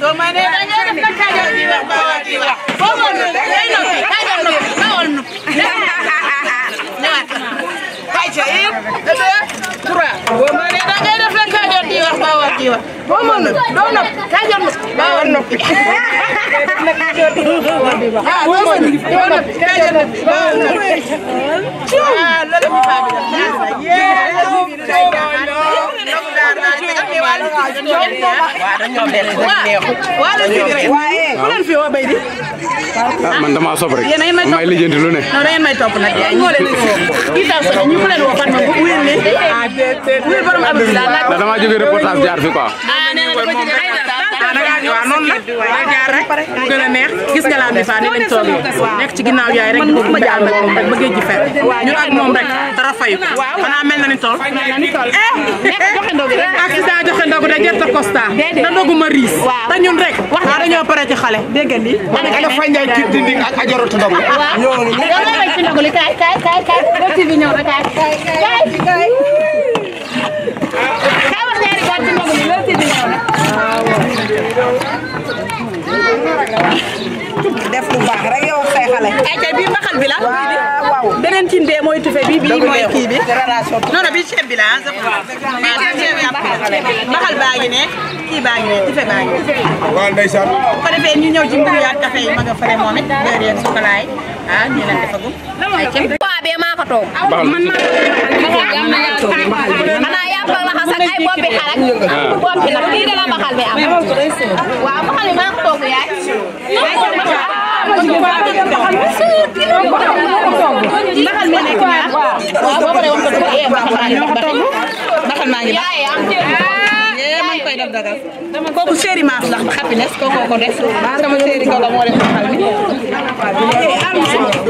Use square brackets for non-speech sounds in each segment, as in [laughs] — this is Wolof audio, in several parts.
soo may ci yoon boo mën na doo nopp ma baa war noppi ah boo mën doo nopp kaa jot la faa bi ah man damaa sob rek. yéen a may topp may lijjanti lu ne. non da ngeen may topp nag. ma bu wér ne. ah déedéet wér borom abdoulaye laaj. damaa jaar fi ci quoi. ah nee na da a ah, waaw noonu jaar rek mu a gis nga laa mi fa ni lañ toogee nekk ci ginnaaw yaay rek bëgg ma jàll rek ba géej na ni tool eh accident joxe ndogu da eh? jërta costa da ndogu ma riis te ñun rek wax na dañoo pare ci xale dégg li ana fay njaay ci dindi ak ajaratu ndogu ñoo ni ci ndogu li kaay kaay kaay kaay kaay xale. ayca bii mbaxal bi la. waaw waaw beneen cin bee mooy tufe bi bii mooy kii bi. non non bii ceeb bi la ah. mbaxal baa ngi kii baa ngi ne tufe baa ñu ñëw ci mburu yaak café yi ma nga fële moom it beurre yeeg chocolat yi ah maa ko toog. ay boppi xar ak boppi nag lii de la mbaxal mi am waaw mbaxal mi maa ko togg yaay mbaxal mi nekk ñaar waaw boo paree woon ko dugg ee eh, mbaxal maa ngi kooku séeri maas la happiness kooku ko def ah, sama séeri ko la moo def mbaxal mi bu ne xam nañu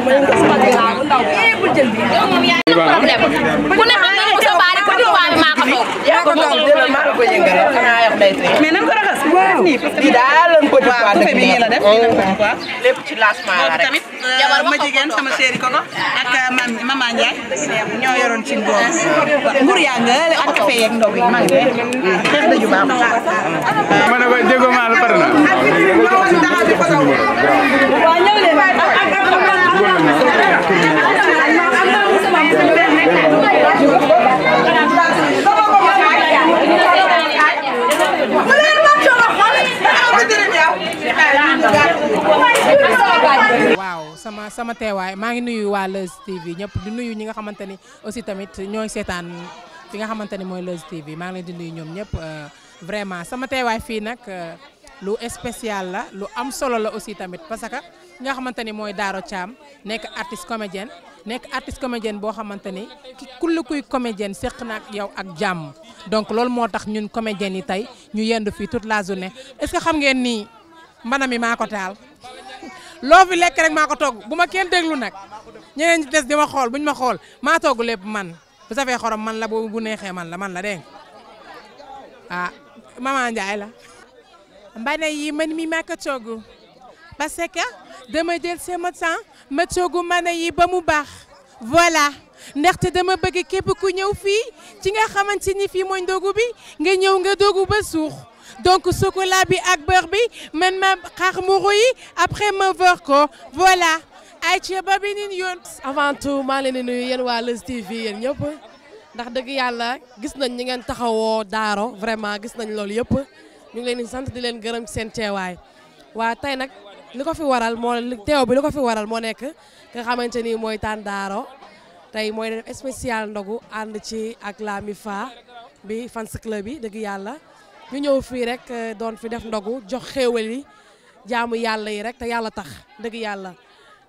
ko sa baari ko diwa bi maa ko toog. yaa ko toog jël maa la ko yëngal xanaa yokk day tey. mais nan ko raxas. waaw lii daal lañ ko di quoi dëgg la waaw lépp ci lancement la rek. tamit ma jigéen sama chéri koko ak mama Ndiaye ñoo yoroon ci ngoon. mbur yaa nga ak café yeeg ndox yi maa ngi lay xeex daju baax. ma ne ko déggoo maa la pare na. waaw ñëw leen. waaw sama sama teewaay maa ngi nuyu waa Leuz TV ñëpp di nuyu ñi nga xamante ni aussi tamit ñooy seetaan fi nga xamante ni mooy Leuz TV maa ngi leen di nuyu ñoom ñëpp euh, vraiment sama teewaay fii nag euh, lu spécial la lu am solo la aussi tamit parce ki nga xamante ni mooy Daaro Thiam nekk artiste comédienne nekk artiste comédienne boo xamante ni ki kulli kuy comédienne séq na ak yow ak jàmm donc loolu moo tax ñun comédienne yi tey ñu yendu fii toute la journée est-ce que xam ngeen ni mbana mi maa ko taal loo fi lekk rek maa ko togg bu ma kenn déglu nag ñeneen ñi tes di ma xool buñ ma xool maa togg lépp man bu safee xorom man la bu bu neexee man la man la dégg ah maman Ndiaye la. mbana yi man mi maa ko togg parce que dama jël sama temps ma coogu mën a yi ba mu baax voilà ndaxte dama bëgg képp ku ñëw fii ci nga xamante ni fii mooy ndogu bi nga ñëw nga dogu ba suux donc chocolat bi ak beurre bi man ma xaar mu ruy après ma wër ko voilà ayca ba bi beneen yoon. avant tout maa leen di nuyu yéen waa Leuz TV yéen ñëpp ndax dëgg yàlla gis nañ ñi ngeen taxawoo Daaro vraiment gis nañ loolu yëpp ñu ngi leen di sant di leen gërëm seen teewaay waa tey nag. li ko fi waral moo teew bi li ko fi waral moo nekk nga xamante ni mooy Tandaro tey mooy def spécial ndogu ànd ci ak la bi fans bi dëgg yàlla ñu ñëw fii rek euh, doon fi def ndogu jox xéewal yi jaamu yàlla yi rek te yàlla tax dëgg yàlla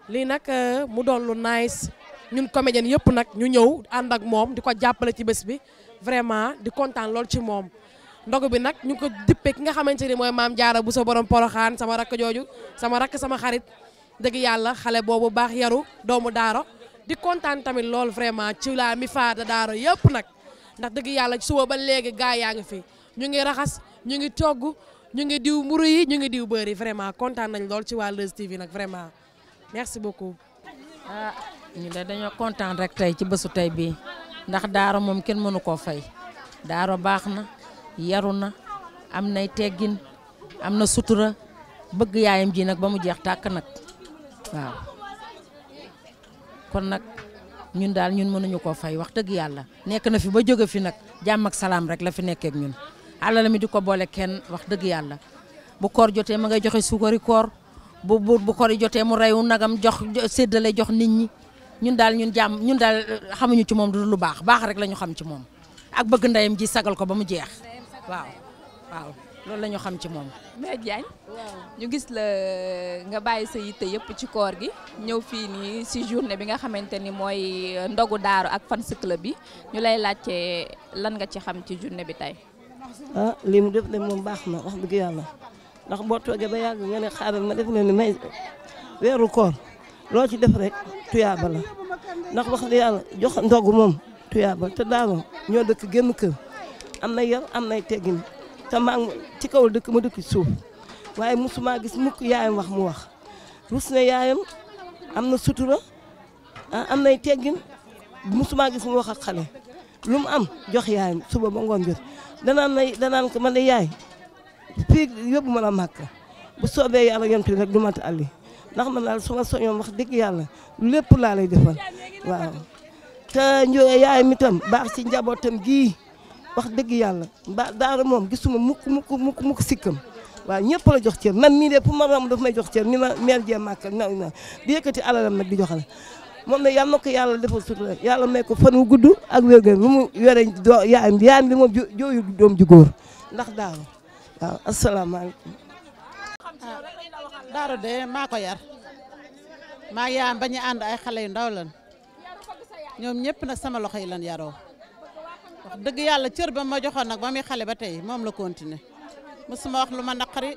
lii nag euh, mu doon lu nice ñun comédien yëpp nag ñu ñëw ànd ak moom di ko jàppale ci bés bi vraiment di kontaan lool ci moom ndogu bi nag ñu ko dippee ki nga xamante ni mooy maam jaara bu sa borom poroxaan sama rakk jooju sama rakk sama xarit dëgg yàlla xale boobu baax yaru doomu daaro di kontaan tamit lool vraiment ci laa mi faada daaro yëpp nag ndax dëgg yàlla suba ba léegi gaa yaa ngi fi ñu ngi raxas ñu ngi togg ñu ngi diw mburu yi ñu ngi diw bër vraiment kontaan nañ lool ci waa Leuz TV nag vraiment merci beaucoup ah ñu de dañoo kontaan rek tey ci bésu tey bii ndax daaro moom kenn mënu koo fay daaro baax na yaru na am nay teggin am na sutura bëgg yaayam ji nag ba mu jeex tàkk nag waaw kon nag ñun daal ñun mënuñu koo fay wax dëgg yàlla nekk na fi ba jóge fi nag jàmm salaam rek la fi nekkeek ñun àlala mi di ko boole kenn wax dëgg yàlla bu koor jotee ma ngay joxe suukari koor bu bu bu koor jotee mu reyu nagam jox seddale jox nit ñi ñun daal ñun jàmm ñun daal xamuñu ci moom du lu baax baax rek la ñu xam ci moom ak bëgg ndeyam ji sagal ko ba mu jeex waaw waaw loolu la xam ci moom. Mère Diagne ñu gis la nga bàyyi sa yitte yëpp ci koor gi ñëw fii nii si journée bi nga xamante ni mooy euh, ndogu daaru ak fans club bi ñu lay laajte lan nga ci xam ci journée bi tey. ah lii mu def de moom baax na wax dëgg yàlla ndax boo toogee ba yàgg nga ne xaaral ma def ne ni may weeru koor loo ci def rek tuyaaba la ndax wax dëgg yàlla jox ndogu moom tuyaaba te daanoo ñoo dëkk génn kër. am na yar am nay teggin te maa ci kaw dëkk ma dëkk suuf waaye mosuma gis mukk yaayam wax mu wax rus na yaayam am na sutura ah, am nay teggin mosuma gis mu wax ak xale lu mu am jox yaayam suba ba ngoon jot danaan na man de yaay fii yóbbu ma la màkk bu soobee yàlla yontu rek du mat àlli ndax man daal su ma soñoon wax dëgg yàlla lépp laa lay defal waaw te yaay mi tam baax ci njabootam gii wax dëgg yàlla ba daara moom gisuma mukk mukk mukk mukk sikkam waaw ñëpp jox cër man mii de pour ma ram daf may jox cër ni ma mère jee màkk na na di yëkkati alalam nag di joxale moom ne yàlla na yàlla defal sutura yàlla may ko fan wu gudd ak wérgén lu mu yore bi yaayam bi moom jooyu doom ji góor ndax daaro waaw asalaamaaleykum daaro de maa ko yar maa yaayam ba ñu ànd ay xale yu ndaw lan ñoom ñëpp nag sama loxo yi lan yaroo wax dëgg yàlla cër ba ma joxoon nag ba muy xale ba tey moom la continué mosuma wax lu ma naqari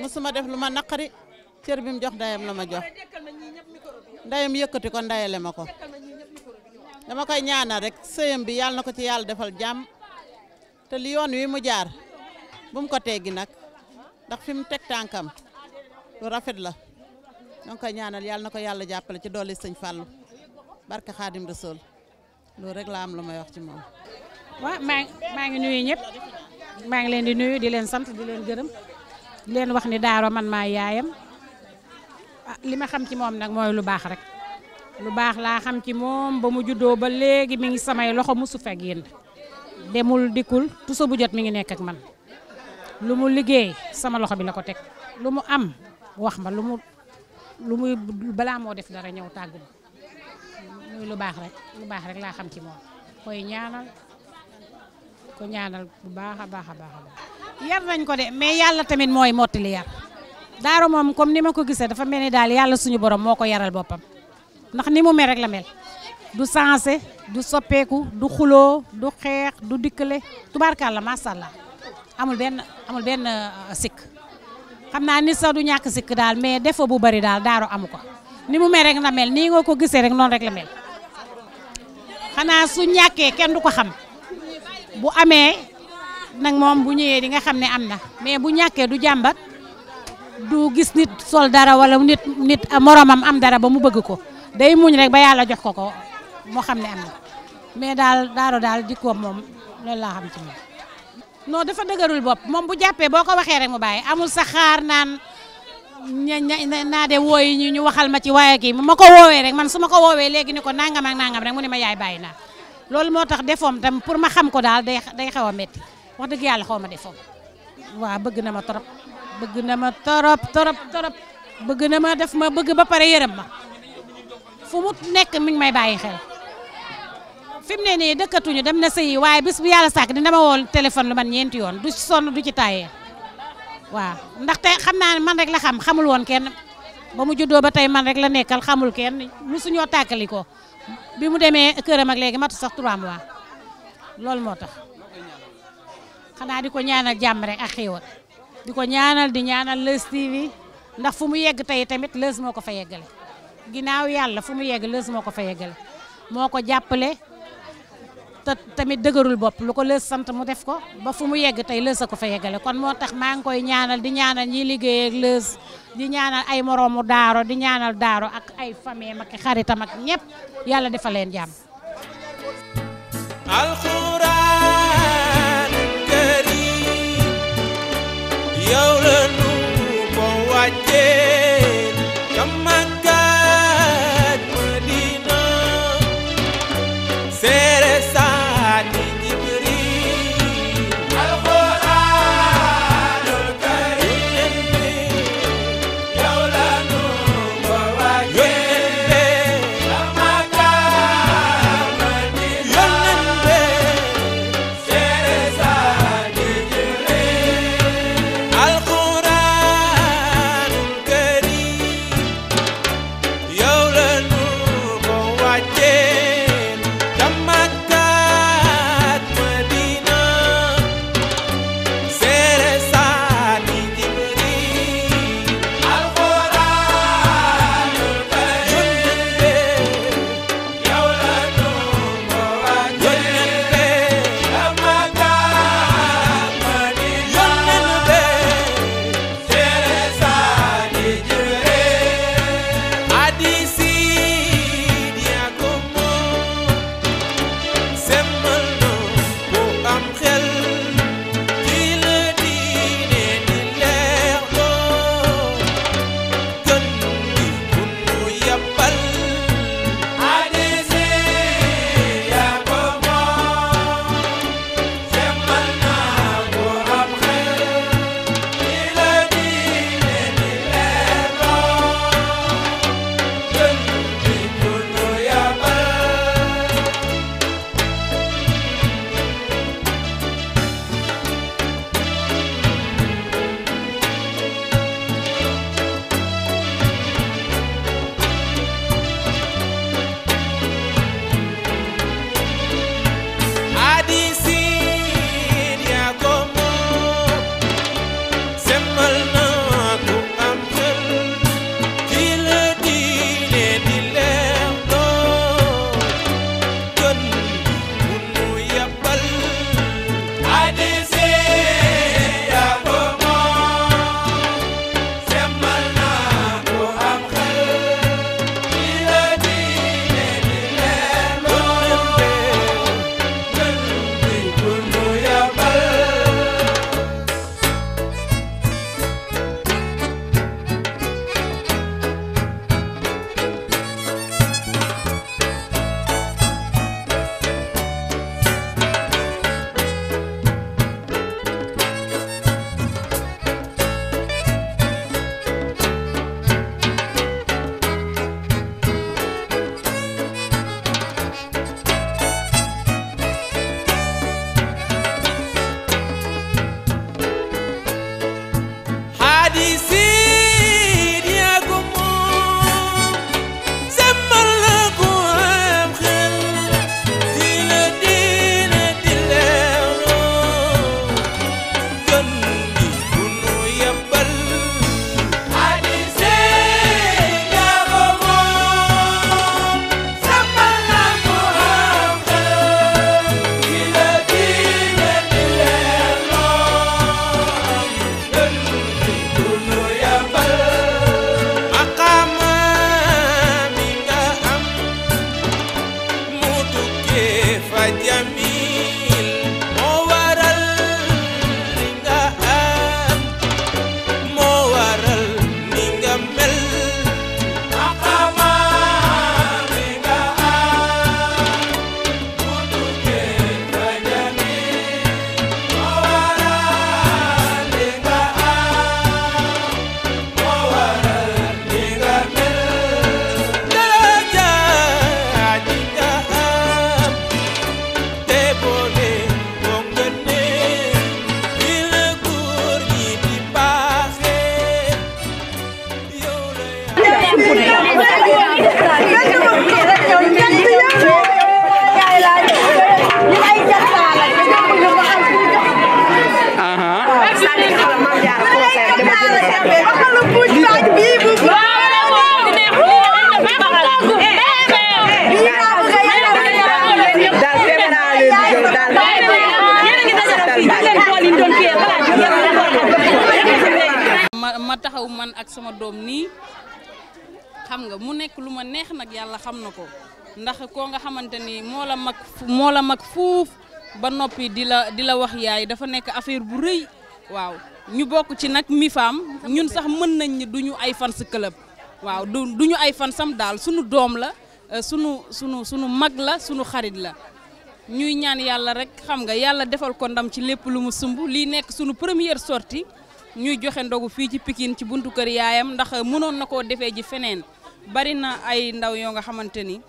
mosuma def lu ma naqari cër bi mu jox ndayam la ma jox ndayam yëkkati ko ndayale ma ko dama koy ñaanal rek sëyam bi yàlla na ko ci yàlla defal jàmm te li yoon wi mu jaar bu mu ko teggi nag ndax fi mu teg tànkam lu rafet la danga koy ñaanal yàlla na ko yàlla jàppale ci doole sëñ Fallou barke Xaadim sol loolu rek laa am lu may wax ci moom. waaw maa maa ngi nuyu ñëpp maa ngi leen di nuyu di leen sant di leen gërëm di leen wax ni Daaro man maa yaayam ah, li ma xam ci moom nag mooy lu baax rek. lu baax laa xam ci moom ba mu juddoo ba léegi mi ngi samay loxo mu musu fekk yéen demul dikkul tusa bu jot mi ngi nekk ak man lu mu liggéey sama loxo bi la ko teg lu mu am wax ma lu mu lu muy balaa moo def dara ñëw tàggu muy lu baax rek lu baax rek laa xam ci moom koy ñaanal ko ñaanal bu baax a baax a baax a ko de mais yàlla tamit mooy mottali yar daaro moom comme ni ma ko gisee dafa mel ni daal yàlla suñu borom moo ko yaral boppam ndax ni mu mel rek la mel du sensé du soppeeku du xuloo du xeex du dikkale tubaarkàlla macha allah amul benn amul benn euh, sikk xam naa ni sa du ñàkk sikk daal mais défaut bu bari daal daaro amu ko ni mu mel rek la mel nii nga ko gisee rek noon rek la mel xanaa su ñàkkee kenn du ko xam bu amee nag moom bu ñëwee di nga xam ne am na mais bu ñàkkee du jàmbat du gis nit sol dara wala nit nit moromam am dara ba mu bëgg ko day muñ rek ba yàlla jox ko ko moo xam ne am na mais daal daaro daal jikkoom moom loolu laa xam ci moom. non dafa dëgërul bopp moom bu jàppee boo ko waxee rek mu bàyyi amul sa naan. ña ña naa de wooyi ñu ñu waxal ma ci waaye kii ma ko woowee rek man su ma ko woowee léegi ni ko nangam ak nangam rek mu ne ma yaay bàyyi naa loolu moo tax defoom tam pour ma xam ko daal de day xaw a métti wax dëgg yàlla xaw ma defoom waaw bëgg na ma torop bëgg na ma torop torop torop bëgg na ma def ma bëgg ba pare yërëm ma fu mu nekk mi ngi may bàyyi xel fi mu ne nii dëkkatuñu dem na sëyi waaye bis bu yàlla di na ma woo téléphone lu man ñeenti yoon du sonn du ci taayee. waaw ndaxte xam naa ne man rek la xam xamul woon kenn ba mu juddoo ba tey man rek la nekkal xamul kenn musuñoo tàkkali ko bi mu demee këram ak léegi matu sax 3 mois loolu moo tax xanaa di ko ñaanal jàmm rek ak xéewal di ko ñaanal di ñaanal Leuz TV ndax fu mu yegg tey tamit Leuz moo ko fa yeggale ginnaaw yàlla fu mu yegg Leuz moo ko fa yeggale moo ko jàppale te tamit dëgërul bopp lu ko lës sant mu def ko ba fu mu yegg tey lës a ko fa yeggale kon moo tax maa koy ñaanal di ñaanal ñiy liggéey ak lës di ñaanal ay moroomu daaro di ñaanal daaro ak ay famille ak xaritam ak ñëpp yàlla defal leen jàmm doom nii xam nga mu nekk lu ma neex nag yàlla xam na ko ndax koo nga xamante ni moo la mag moo la mag fuuf ba noppi di la di la wax yaay dafa nekk affaire bu rëy waaw ñu bokk ci nag mi ñun sax mën nañ ni duñu ay fans club waaw du duñu ay fansam daal sunu doom la euh, sunu sunu sunu mag la sunu xarit la ñuy ñaan yàlla rek xam nga yàlla defal ko ndam ci lépp lu mu sumb lii nekk sunu première sortie ñuy joxe ndogu fii ci Pikine ci buntu kër yaayam ndax mënoon na koo defee ji feneen bari na ay ndaw yoo nga xamante ni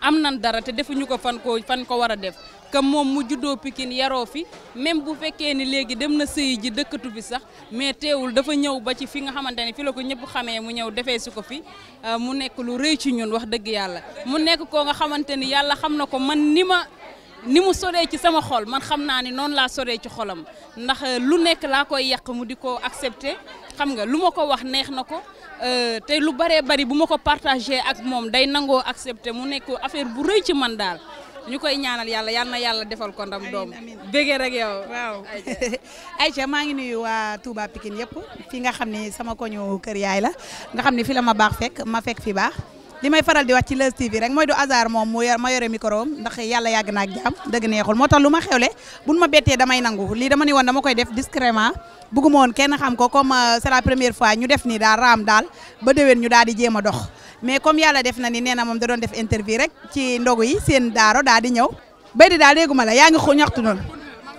am nan dara te defuñu ko fan ko fan ko war a def que moom mu juddoo Pikine yaroo fi même bu fekkee ni léegi dem na sëyi ji dëkkatu bi sax mais teewul dafa ñëw ba ci fi nga xamante ni fi la ko ñëpp xamee mu ñëw defee si ko fi euh, mu nekk lu rëy ci ñun wax dëgg yàlla mu nekk koo nga xamante yàlla xam na ko man ni ni mu soree ci sama xol man xam naa ni noonu laa soree ci xolam ndax euh, lu nekk laa koy yàq mu di ko accepté xam nga lu ma ko wax neex na ko euh, te lu baree bari bu ma ko partagé ak moom day nangoo accepté mu nekk affaire bu rëy ci man daal ñu koy ñaanal yàlla yal na yàlla defal ko ndam doom bëggee rek yow waaw [laughs] Aïcha maa ngi nuyu waa Touba Pikine yëpp fi nga xam ne sama koñu kër yaay la nga xam ne fi la ma baax fekk ma fekk fi baax li may faral di wax ci Leuz TV rek mooy du hasard moom mu ma yore micro ndax yàlla yàgg na ak jaam neexul moo tax lu ma xewle buñ ma bettee damay nangu lii dama ni woon dama koy def discrètement bëgguma woon kenn xam ko comme euh, c'est la première fois ñu def ni daal raam daal ba déwén ñu daal di jéem a dox mais comme yàlla def na ni nee na moom da doon def interview rek ci ndogu yi seen daaro daal di ñëw bay di daal dégguma la yaa ngi ñaxtu noonu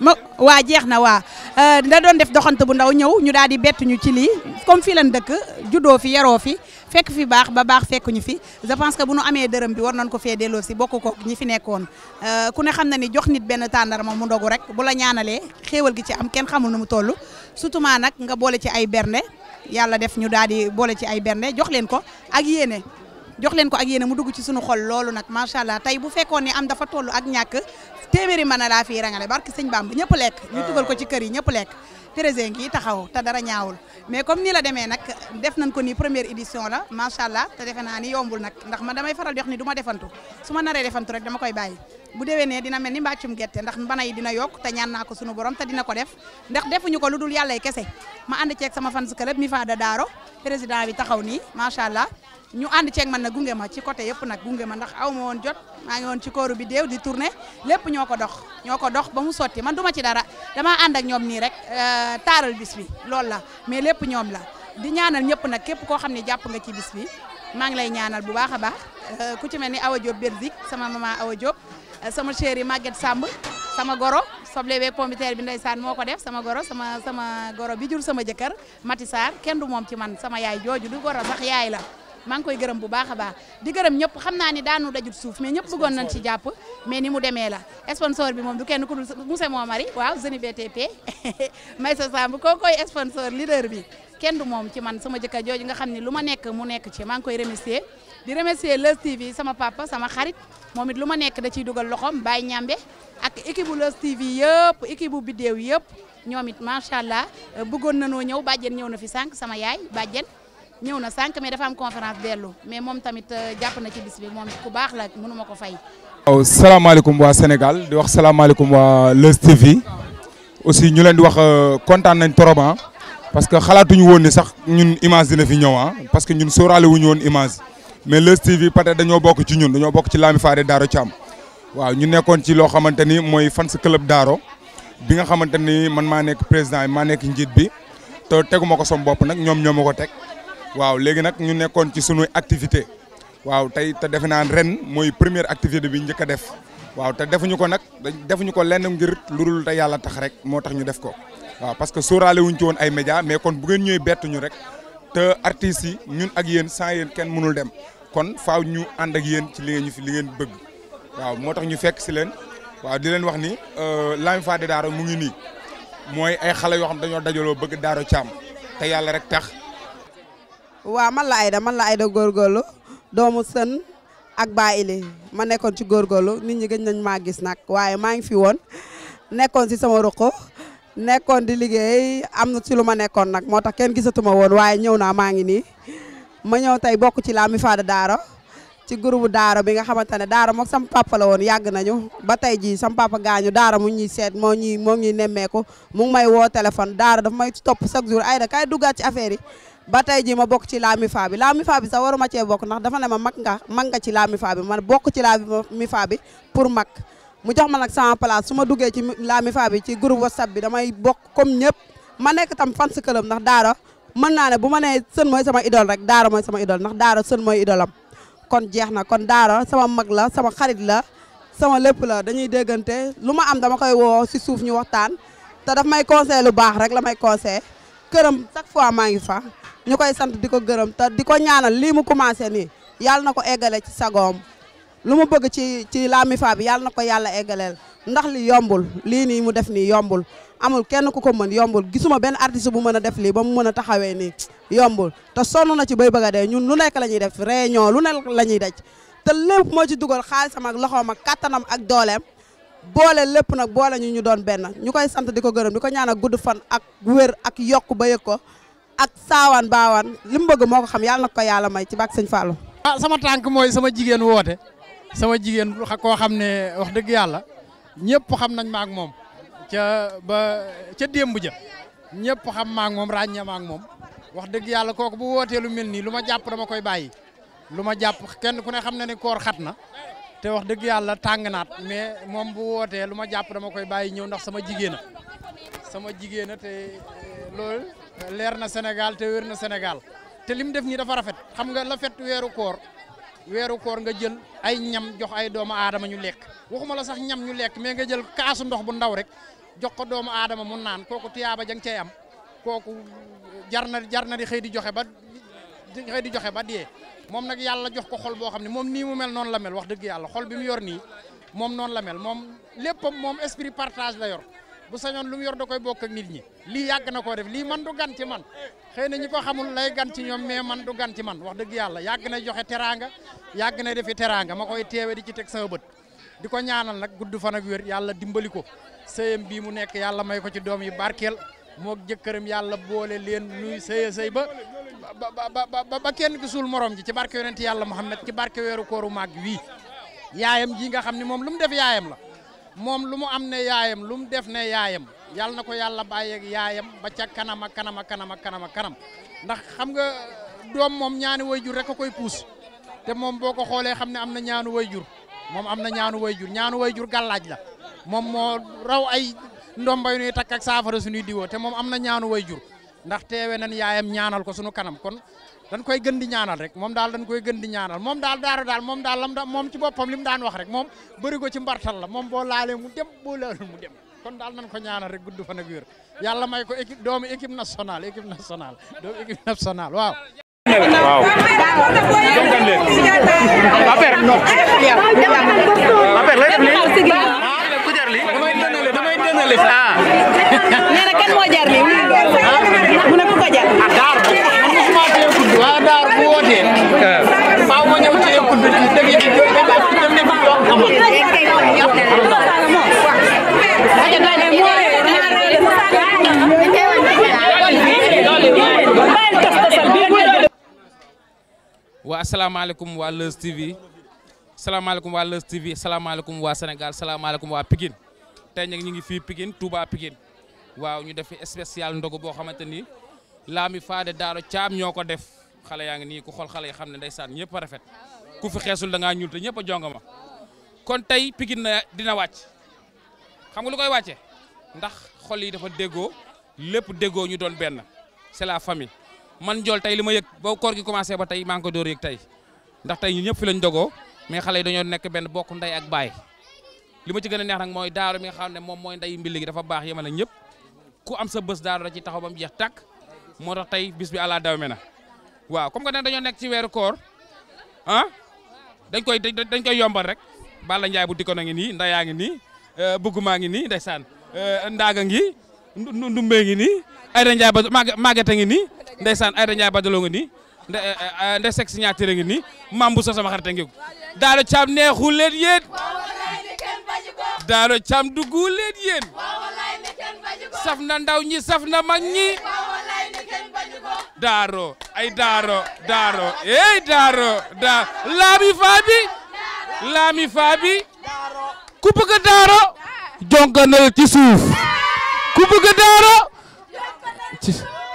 ma waa jeex na waa euh, da doon def doxante bu ndaw ñëw ñu daal di bettuñu ci lii comme fii lan dëkk juddoo fi yaroo fi fekk fi baax ba baax fekk ñu fi je pense que bu nu amee dërëm bi war nañ ko fee delloo si bokk ko ñi fi nekkoon euh, ku ne xam na ni jox nit benn tàndara tàndarma mu ndogu rek bu la ñaanalee xéewal gi ci am kenn xamul nu mu toll surtout maa nag nga boole ci ay bernde yàlla def ñu daal di boole ci ay bernde jox leen ko ak yéene jox leen ko ak yéene mu dugg ci suñu xol loolu nag macha allah tey bu fekkoon ni am dafa toll ak ñàkk téeméeri mën a laa fii rangale barki sëñ Bamba ñëpp lekk ñu ko ci kër yi ñëpp lekk trésor ngi taxaw te dara ñaawul mais comme nii la demee nag def nañ ko ni première édition la macha allah te defe naa ni yombul nag ndax man damay faral di wax ni du ma defantu su ma naree defantu rek dama koy bàyyi bu déwénee dina mel ni mbàccum gerte ndax mbana yi dina yokk te ñaan ko sunu borom te dina ko def ndax defuñu ko lu dul yàllay kese ma ànd ceeg sama fans club mi fa da daaro président bi taxaw nii macha allah ñu ànd ceeg man na gunge ma ci côté yëpp nag gunge ma ndax aw ma woon jot maa ngi woon ci kóoru bi déew di tourné lépp ñoo ko dox ñoo ko dox ba mu sotti man duma ci dara dama ànd ak ñoom nii rek euh, taaral bis bi loolu la mais lépp ñoom la di ñaanal ñëpp nag képp koo xam ni jàpp nga ci bis bi maa ngi lay ñaanal bu baax a baax euh, ku ci mel ni Awa Diop Belgique sama maman Awa Diop euh, sama chéri Maguette Samb sama goro soble beeg pompiteer bi ndeysaan moo ko def sama goro sama sama goro bi jur sama jëkkër Mati kenn du moom ci man sama yaay jooju du goro yaay la maa ngi gërëm bu baax a baax di gërëm ñëpp xam naa ni daanu dajut suuf mais ñëpp bëggoon nañ ci jàpp mais ni mu demee la sponsor bi moom du kenn ku dul monsieur moo mari waaw Zeni BTP [laughs] Maysa Samb koo koy sponsor leader bi kenn moom ci man sama jëkkër jooju nga xam ne lu ma nekk mu nekk ci maa ngi koy remercier di remercier Leuz TV sama papa sama xarit moom it lu ma nekk da ciy dugal loxoom Baye Ñambe ak équipe bu Leuz TV yëpp équipe bu yëpp ñoom it macha allah bëggoon nanoo ñëw bàjjen ñëw na fi sànq sama yaay bàjjen ñëw na sànq mais dafa am conférence dellu mais moom tamit euh, jàpp na ci bis bi moom ku baax la mënuma ko fay. waaw salaamaaleykum waa Sénégal di wax salaamaaleykum waa Leuz TV aussi ñu leen di wax euh, kontaan nañ toroba ah. parce que xalaatuñu woon ni sax ñun image dina fi ñëw ah parce que ñun sóoraale wuñu woon image mais Leuz TV peut-être dañoo bokk ci ñun dañoo bokk ci Lami Faare Daaro Thiam waaw ñu nekkoon ci loo xamante ni mooy fans club Daaro bi nga xamante ni man maa nekk président yi maa nekk njiit bi te teguma ko sama bopp nag ñoom ñoo ma ko teg. waaw léegi nag ñu nekkoon ci suñu activité waaw tey te defe naan ren mooy première activité bi njëkk a def waaw te defuñu ko nag defuñu ko lenn ngir lu dul te yàlla tax rek moo tax ñu def ko waaw parce que sóoraale wuñ ci woon ay média mais kon bu ngeen ñëwee bettuñu rek te artistes yi ñun ak yéen sans yéen kenn mënul dem kon faaw ñu ànd ak yéen ci li ñu fi li ngeen bëgg waaw moo tax ñu fekk si leen waaw di leen wax ni euh, Lamine Fadé Daaro mu ngi nii mooy ay xale yoo xam dañoo dajaloo bëgg Daaro Thiam te yàlla rek tax. waaw man la Aida man la Aida góorgóorlu doomu sën ak baa Ili ma nekkoon ci góorgóorlu nit ñi gëj nañ maa gis nag waaye maa ngi fi woon nekkoon si sama ruq nekkoon di liggéey am na ci lu ma nekkoon nag moo tax kenn gisatuma woon waaye ñëw naa maa ngi nii ma ñëw tey bokk ci laa mi faada daara ci groupe daara bi nga xamante ne daara moom sama papa woon yàgg nañu ba tey jii sama papa gaañu daara mu ñuy seet moo ñuy moo ñuy nemmeeku mu may woo téléphone daara dafa may topp chaque jour Aida kay duggaat ci affaire yi ba tey jii ma bokk ci laami faa bi laami faa bi sax waruma cee bokk ndax dafa ne ma mag nga mag nga ci laami faa bi ma bokk ci laami faa bi pour mag mu jox ma nag sama place su ma duggee ci laami faa bi ci groupe whatsapp bi damay bokk comme ñëpp ma nekk tam fans club ndax daara mën naa ne bu ma nee mooy sama idole rek daara mooy sama idole daara sën mooy kon jeex na kon daara sama mag la sama xarit la sama lépp la dañuy déggante lu ma am dama koy woo si suuf ñu waxtaan te daf may conseil lu baax rek la may conseil këram chaque fois maa ngi fa ñu koy sant di ko gërëm ta di ko ñaanal lii mu commencé nii yàlla na ko eggale ci sagoom lu mu bëgg ci ci la mi fa na ko yàlla eggaleel ndax li yombul lii nii mu def nii yombul amul kenn ku ko mën yombul gisuma benn artiste bu mën a def lii ba mu mën a taxawee nii yombul te sonn na ci bay bëgg dee ñun lu nekk la def def réunion lu na la ñuy daj te lépp moo ci dugal xaalisam ak loxoom ak kattanam ak dooleem boole lépp nag boole ñu ñu doon benn ñu koy sant di ko gërëm di ko ñaan gudd fan ak wér ak yokk ba ko ak saawaan baawaan li mu bëgg moo ko xam yàlla ko yàlla may ci bàq sëñ Fallou. ah sama tànk mooy sama jigéen woote sama jigéen koo xam ne wax dëgg yàlla ñëpp xam nañ ma ak moom ca ba ca démb ja ñëpp xam ma moom ràññee ma ak moom wax dëgg yàlla kooku bu wootee lu mel nii lu ma jàpp dama koy bàyyi lu ma jàpp kenn ku ne xam na ne koor xat na te wax dëgg yàlla tàng naat mais moom bu wootee lu ma jàpp dama koy bàyyi ñëw ndax sama jigéen a sama jigéen te loolu. leer na Sénégal te wér na Sénégal te lim def nii dafa rafet xam nga la fet weeru koor weeru koor nga jël ay ñam jox ay doomu aadama ñu lekk waxuma la sax ñam ñu lekk mais nga jël kaasu ndox bu ndaw rek jox ko doomu aadama mu naan ko kooku tiyaaba jang cey am kooku jar na jar na di xëy di joxe ba di xëy di joxe ba dee moom nag yàlla jox ko xol boo xam ne moom nii mu mel noonu la mel wax dëgg yàlla xol bi mu yor nii moom noonu la mel moom léppam moom esprit partage la yor bu sañoon lu mu yor koy bokk ak nit ñi lii yàgg na koo def lii man du gan man xëy na ñi ko xamul lay gan ñoom mais man du gan man wax dëgg yàlla yàgg na joxe teraanga yàgg na defi teraanga ma koy teewe di ci teg sama bët di ko ñaanal nag gudd fan ak wér yàlla dimbali ko sëyam bii mu nekk yàlla may ko ci doom yi barkeel moog jëkkëram yàlla boole leen nuy sëya sëy ba ba ba ba kenn ki suul morom ji ci barke yonent yàlla Muhammad ci barke weeru kooru màgg wii yaayam jii nga xam ne moom lu mu def yaayam la moom lu mu am ne yaayam lu mu def ne yaayam yàlla na ko yàlla bàyyeeg yaayam ba ca kanam a kanama a kanam a kanam kanam ndax xam nga doom moom ñaani wayjur rek a koy puus te moom boo ko xoolee xam ne am na ñaanu wayjur moom am na ñaanu wayjur ñaanu wayjur gàllaaj la moom moo raw ay ndomba yu ñuy takk ak saafara suñuy diwoo te moom am na ñaanu wayjur ndax teewe nan yaayam ñaanal ko suñu kanam kon dañ koy gën di ñaanal rek moom daal dañ koy gën di ñaanal moom daal daara daal moom daal lam daan moom ci boppam li mu daan wax rek moom bëri ko ci mbartal la moom boo laalee mu dem boo laalul mu dem kon daal nañ ko ñaanal rek gudd fan ak wér yàlla may ko équipe doomu équipe nationale équipe nationale doomu équipe nationale waaw. [laughs] waa Darou bu wootee. faaw ma ñëw ci waa asalaamaaleykum TV salaamaaleykum waa Leuz TV salaamaaleykum waa Sénégal salaamaaleykum waa Pikine tey nag ñu ngi fii Pikine Touba waaw ñu def spécial ndogu boo xamante ni laami faade daaro caam ñoo ko def xale yaa ngi nii ku xool xale yi xam ne ndeysaan ñëpp a rafet ku fi xeesul da ngaa ñuul te ñëpp a jonga kon tey Pikine na dina wàcc xam nga lu koy wàcce ndax xol yi dafa déggoo lépp déggoo ñu doon benn c'est la famille man jool tey li ma yëg boo koor gi commencé ba tey maa ngi ko door yëg tey ndax tey ñëpp lañ dogoo mais xale yi dañoo nekk benn bokk ndey ak baay li ma ci gën a neex nag mooy daaro mi nga xam ne moom mooy ndeyu mbili dafa baax na ñëpp ku am sa bës daaro da ci taxaw ba mu jeex tàkk moo tax tey bis bi àlaa daw me na waaw comme que nag dañoo nekk ci weeru koor ah dañ koy dañ koy yombal rek Balla Ndiaye bu dikkoon a ngi nii Ndayaa ngi nii euh, Buguma ngi nii ndeysaan euh, Ndaga ngi Ndumbe ngi nii Ayda Ndiaye ba Maguette ngi nii ndeysaan Ayda Ndiaye ngi nii nde euh, nde sex signature ngi nii maam bu so sama xarite ngi daalo cam neexu leen yéen cam duggu leen yéen saf ndaw ñi saf na mag ñi daaro eh, laami faabi laami daaro jonkanal ci suuf ku daaro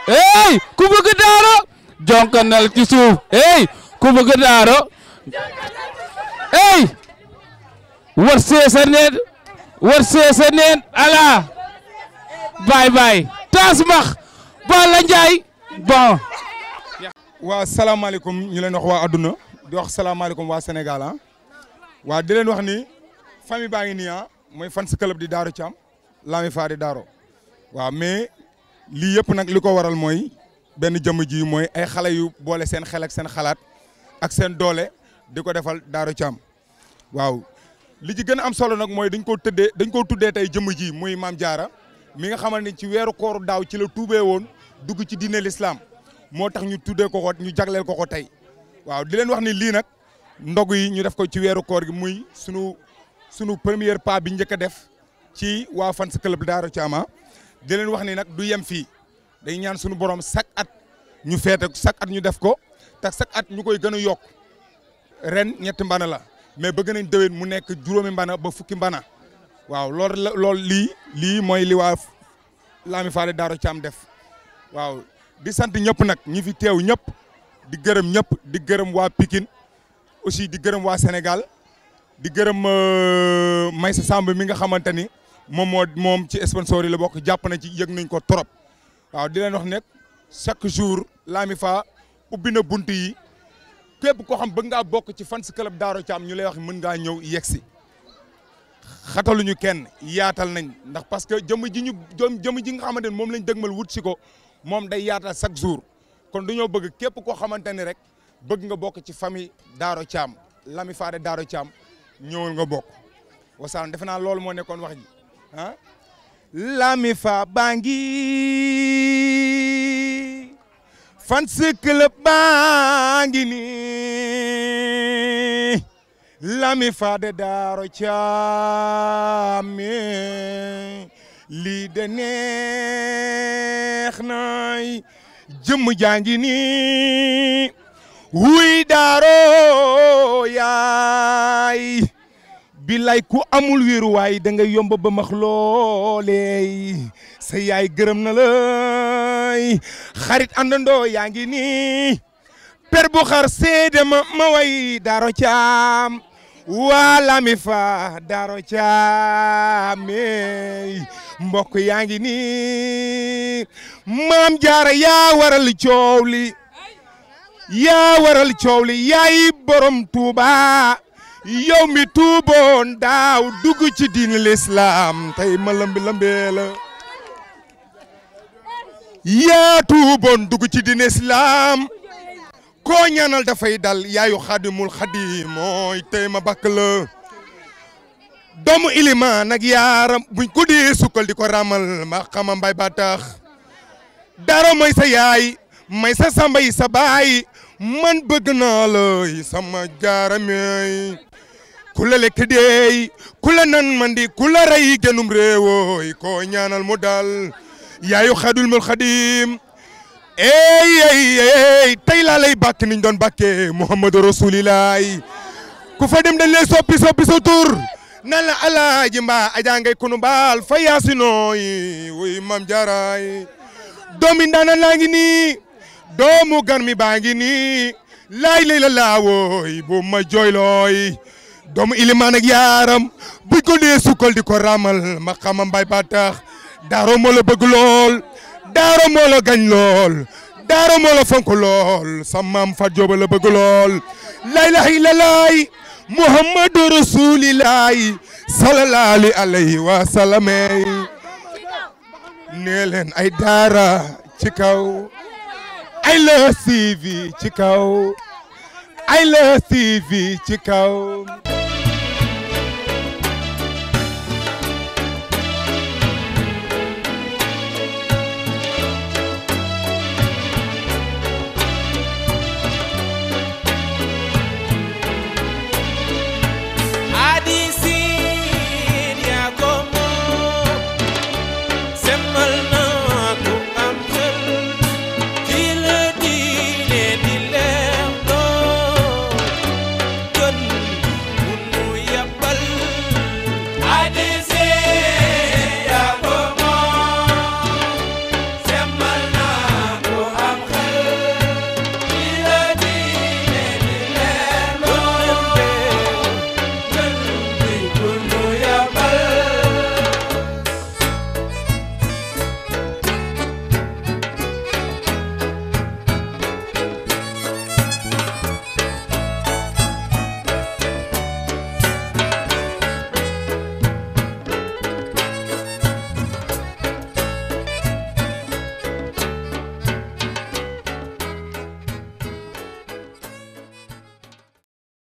ey ku daaro jonkanal ci suuf ey ku daaro ey war seesa neen war seesa neen ala bay bay taas max bala njaay bon. waa salaamaaleykum ñu leen wax waa adduna di wax salaamaaleykum waa Sénégal ah waa di leen wax ni famille baa ngi nii ah mooy fans club di Daro Thiam Lami Fadi daaro waaw mais lii yëpp nag li ko waral mooy benn jëmm ji mooy ay xale yu boole seen xel ak seen xalaat ak seen doole di ko defal Daro Thiam waaw li ci gën a am solo nag mooy dañ koo tëddee dañ koo tuddee tey jëmm ji muy Maam Jaara mi nga xamal ni ci weeru kooru daaw ci la tuubee woon. dugg ci diine lislaam moo tax ñu tuddee ko ko ñu jagleel ko ko tey waaw di leen wax ni lii nag ndog yi ñu def ko ci weeru koor gi muy sunu sunu premier pas bi njëkk a def ci waa fans club Daaru Thiama di leen wax ni nag du yem fii dañ ñaan sunu borom chaque at ñu feete chaque at ñu def ko te chaque at ñu koy gën a yokk ren ñetti mbana la mais bëgg nañ déwén mu nekk juróomi mbana ba fukki mbana waaw loolu la lii lii mooy li waa Lamy Fallé Daaru Thiam def waaw di sant ñëpp nag ñi fi teew ñëpp di gërëm ñëpp di gërëm waa Pikine aussi di gërëm waa Sénégal di gërëm euh, Maysa Samb mi nga xamante ni moom moo moom ci sponsor yi la bokk jàpp na ci yëg nañ ko trop waaw di leen wax nekk chaque jour Lamy Fa ubbi na bunt yi képp koo xam bëgg ngaa bokk ci fan fans club Daaro Thiam ñu lay wax mën ngaa ñëw yegg si xataluñu kenn yaatal nañ ndax parce que jëm ji ñu jëm ji nga xamante ni moom lañ dëgmal wut si ko moom day yaatal chaque jour kon du ñoo bëgg képp koo xamante ni rek bëgg nga bokk ci famille Daaro Thiam Lami Fade Daaro Thiam ñëwal nga bokk wasalaam defe naa loolu moo nekkoon wax ji ah Lami Fa baa ngi fan si club baa ngi nii Lami Daaro Thiam eh. lii de neex naay jëmm jaa ngi nii wuy daaroo yaay bilay ku amul wéeruwaay da nga yomb ba max looleey sa yaay gërëm na lay xarit àndandoo yaa ngi nii per bu xar seede ma ma way daaro caam wala mi fa daro caamey mbokk yaa ngi nii maam jaara yaa waral coow li yaa waral coow li yaay borom tuuba yow mi tuuboon daaw dugg ci diin lislaam tey ma lambi lambee yaa tuuboon dugg ci diin lislaam koo ñaanal dafay dal yaayu xadimul xadim mooy tey ma bakk la doomu ilima nag yaaram buñ ko dee sukkal di ko ràmmal ma xama mbay ba tax dara mooy sa yaay may sa samba sa baay man bëgg sama jaaramey ku la lekk deey ku la nan man di ku la rey gënum réewooy koo mu dal yaayu xadimul xadim ey ey tey laa lay bàkk niñ doon bàkkee Muhammadu Rasulilaay ku fa dem dañ lay soppi soppi sa tur nan la alaaji mbaa ajaa ngay kunu baal fa yaasinooy wuy mam jaraay doomi ndaana laa ngi nii doomu gan mi baa ngi nii laay lay la laawooy bu ma jooylooy doomu ilimaan yaaram buñ ko dee sukkal di ko raamal ma xamam mbay ba tax daaroo lool daaro moo la gañ lool daaro moo la fonk lool sa maam muhammadu rasuulillaahi salallaahu alayhi wa sallam ay daara ci kaw ay la ci kaw ci kaw